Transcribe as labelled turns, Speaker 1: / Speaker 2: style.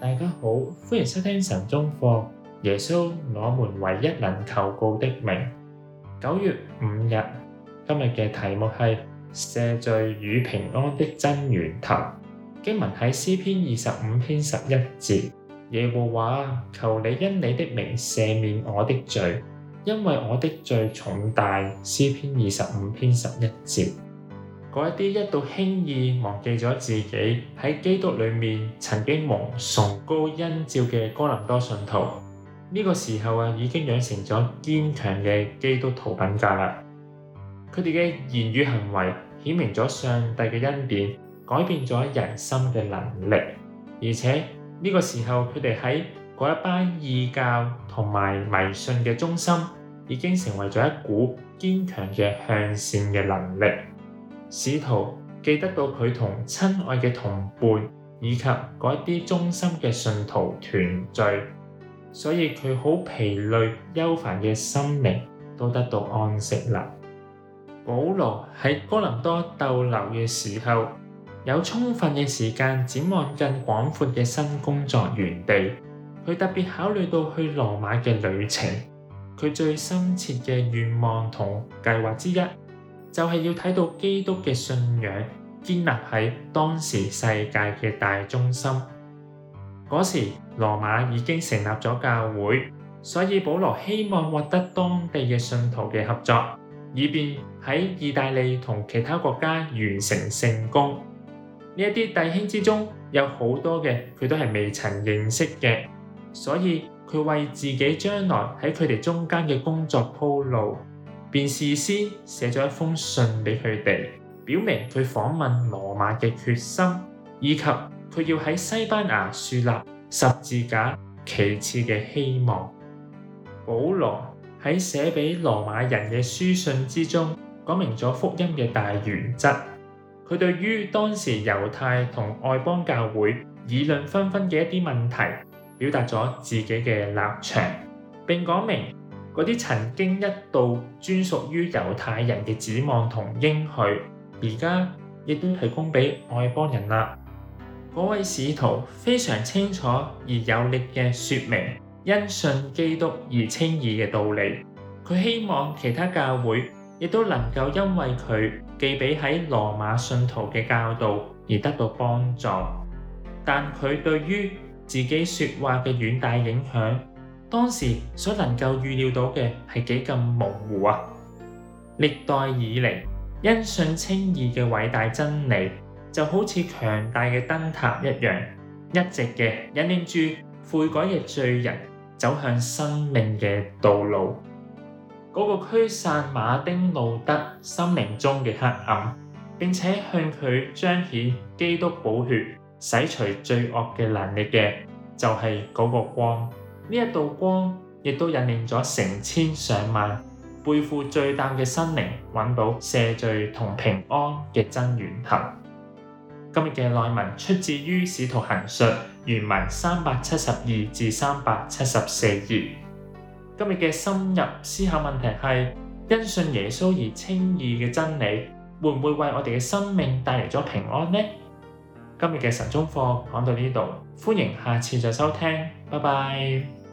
Speaker 1: 大家好，歡迎收聽晨鐘課。耶穌，我們唯一能求告的名。九月五日，今日嘅題目係赦罪與平安的真源頭。經文喺詩篇二十五篇十一節，耶和華，求你因你的名赦免我的罪，因為我的罪重大。詩篇二十五篇十一節。嗰一啲一度輕易忘記咗自己喺基督裏面曾經蒙崇高恩照嘅哥林多信徒，呢個時候啊已經養成咗堅強嘅基督徒品格啦。佢哋嘅言語行為顯明咗上帝嘅恩典，改變咗人心嘅能力，而且呢個時候佢哋喺嗰一班異教同埋迷信嘅中心，已經成為咗一股堅強嘅向善嘅能力。使徒記得到佢同親愛嘅同伴以及嗰一啲忠心嘅信徒團聚，所以佢好疲累、憂煩嘅心靈都得到安息啦。保羅喺哥林多逗留嘅時候，有充分嘅時間展望更廣闊嘅新工作園地。佢特別考慮到去羅馬嘅旅程，佢最深切嘅願望同計劃之一。就係要睇到基督嘅信仰建立喺當時世界嘅大中心。嗰時羅馬已經成立咗教會，所以保羅希望獲得當地嘅信徒嘅合作，以便喺意大利同其他國家完成聖工。呢一啲弟兄之中有好多嘅佢都係未曾認識嘅，所以佢為自己將來喺佢哋中間嘅工作鋪路。便事先寫咗一封信俾佢哋，表明佢訪問羅馬嘅決心，以及佢要喺西班牙樹立十字架旗幟嘅希望。保羅喺寫俾羅馬人嘅書信之中，講明咗福音嘅大原則。佢對於當時猶太同外邦教會議論紛紛嘅一啲問題，表達咗自己嘅立場，並講明。嗰啲曾經一度專屬於猶太人嘅指望同應許，而家亦都提供俾外邦人啦。嗰位使徒非常清楚而有力嘅説明，因信基督而稱義嘅道理。佢希望其他教會亦都能夠因為佢寄俾喺羅馬信徒嘅教導而得到幫助。但佢對於自己説話嘅遠大影響。當時所能夠預料到嘅係幾咁模糊啊！歷代以嚟，因信稱義嘅偉大真理就好似強大嘅燈塔一樣，一直嘅引領住悔改嘅罪人走向生命嘅道路。嗰、那個驅散馬丁路德心靈中嘅黑暗，並且向佢彰顯基督寶血洗除罪惡嘅能力嘅，就係、是、嗰個光。呢一道光，亦都引領咗成千上萬背負罪擔嘅心靈，揾到赦罪同平安嘅真源頭。今日嘅內文出自於《使徒行述》原文三百七十二至三百七十四頁。今日嘅深入思考問題係：因信耶穌而稱義嘅真理，會唔會為我哋嘅生命帶嚟咗平安呢？今日嘅晨中課講到呢度，歡迎下次再收聽，拜拜。